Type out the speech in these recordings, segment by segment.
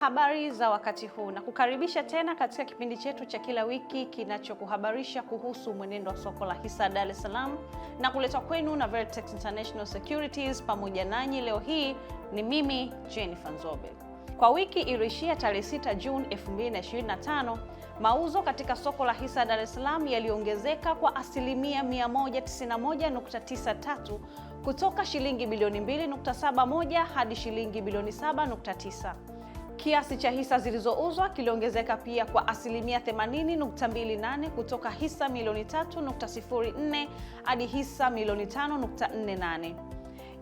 Habari za wakati huu na kukaribisha tena katika kipindi chetu cha kila wiki kinachokuhabarisha kuhusu mwenendo wa soko la hisa Dar es Salaam na kuletwa kwenu na Vertex International Securities. Pamoja nanyi leo hii ni mimi Jennifer Nzobe. Kwa wiki iliyoishia tarehe 6 Juni 2025, mauzo katika soko la hisa Dar es Salaam yaliongezeka kwa asilimia 191.93 kutoka shilingi bilioni 2.71 hadi shilingi bilioni 7.9. Kiasi cha hisa zilizouzwa kiliongezeka pia kwa asilimia 80.28 kutoka hisa milioni 3.04 hadi hisa milioni 5.48.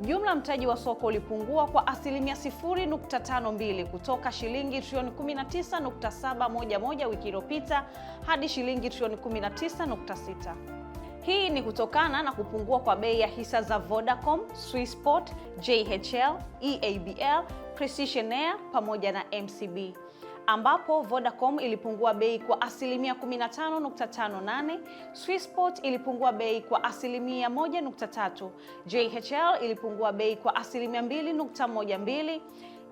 Jumla mtaji wa soko ulipungua kwa asilimia 0.52 kutoka shilingi trilioni 19.711 wiki iliyopita hadi shilingi trilioni 19.6. Hii ni kutokana na kupungua kwa bei ya hisa za Vodacom, Swissport, JHL, EABL, Precision Air pamoja na MCB ambapo Vodacom ilipungua bei kwa asilimia 15.58, Swissport ilipungua bei kwa asilimia 1.3, JHL ilipungua bei kwa asilimia 2.12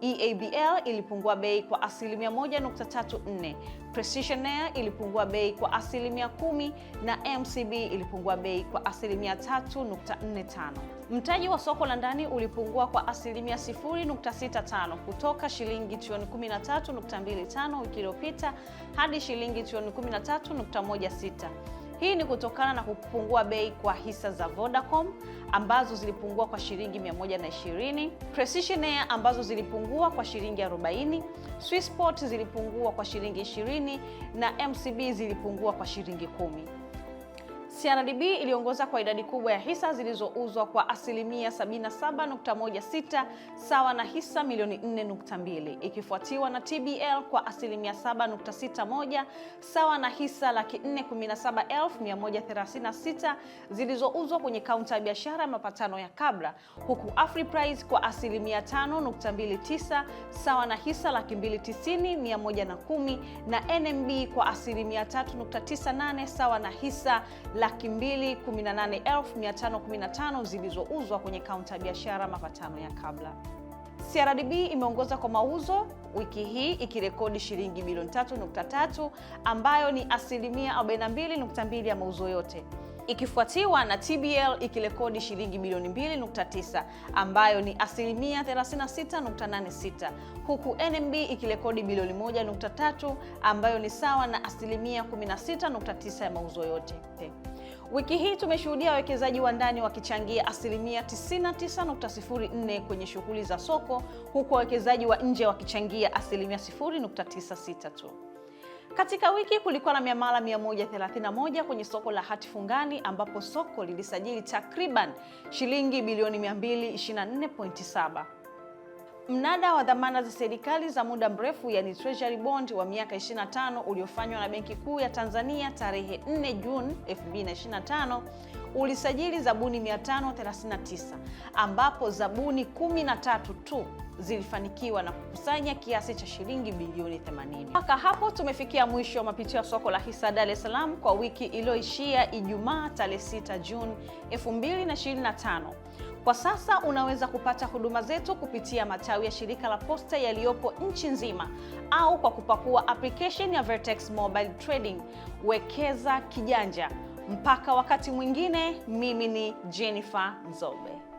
EABL ilipungua bei kwa asilimia 1.34, Precision Air ilipungua bei kwa asilimia 10 na MCB ilipungua bei kwa asilimia 3.45. Mtaji wa soko la ndani ulipungua kwa asilimia 0.65 kutoka shilingi trilioni 13.25 wiki iliyopita hadi shilingi trilioni 13.16. Hii ni kutokana na kupungua bei kwa hisa za Vodacom ambazo zilipungua kwa shilingi 120, Precision Air ambazo zilipungua kwa shilingi 40, Swissport zilipungua kwa shilingi 20 na MCB zilipungua kwa shilingi kumi. CRDB iliongoza kwa idadi kubwa ya hisa zilizouzwa kwa asilimia 77.16 sawa na hisa milioni 4.2, ikifuatiwa na TBL kwa asilimia 7.61 sawa na hisa laki 417,136 zilizouzwa kwenye kaunta ya biashara ya mapatano ya Kabra, huku Afriprice kwa asilimia 5.29 sawa na hisa laki 290,110 na NMB kwa asilimia 3.98 sawa na hisa laki mbili kumi na nane elfu mia tano kumi na tano zilizouzwa kwenye kaunta ya biashara mapatano ya kabla. CRDB imeongoza kwa mauzo wiki hii ikirekodi shilingi bilioni 3.3 ambayo ni asilimia 42.2 ya mauzo yote, ikifuatiwa na TBL ikirekodi shilingi bilioni 2.9 ambayo ni asilimia 36.86, huku NMB ikirekodi bilioni 1.3 ambayo ni sawa na asilimia 16.9 ya mauzo yote. Wiki hii tumeshuhudia wawekezaji wa ndani wakichangia asilimia 99.04 kwenye shughuli za soko huku wawekezaji wa nje wakichangia asilimia 0.96 tu. Katika wiki kulikuwa na miamala 131 kwenye soko la hati fungani ambapo soko lilisajili takriban shilingi bilioni 224.7. Mnada wa dhamana za serikali za muda mrefu yani treasury bond wa miaka 25 uliofanywa na Benki Kuu ya Tanzania tarehe 4 Juni 2025 ulisajili zabuni 539 ambapo zabuni 13 tu zilifanikiwa na kukusanya kiasi cha shilingi bilioni 80. Mpaka hapo tumefikia mwisho wa mapitio ya soko la hisa Dar es Salaam kwa wiki iliyoishia Ijumaa tarehe 6 Juni 2025. Kwa sasa unaweza kupata huduma zetu kupitia matawi ya shirika la posta yaliyopo nchi nzima au kwa kupakua application ya Vertex Mobile Trading. Wekeza kijanja. Mpaka wakati mwingine, mimi ni Jennifer Nzobe.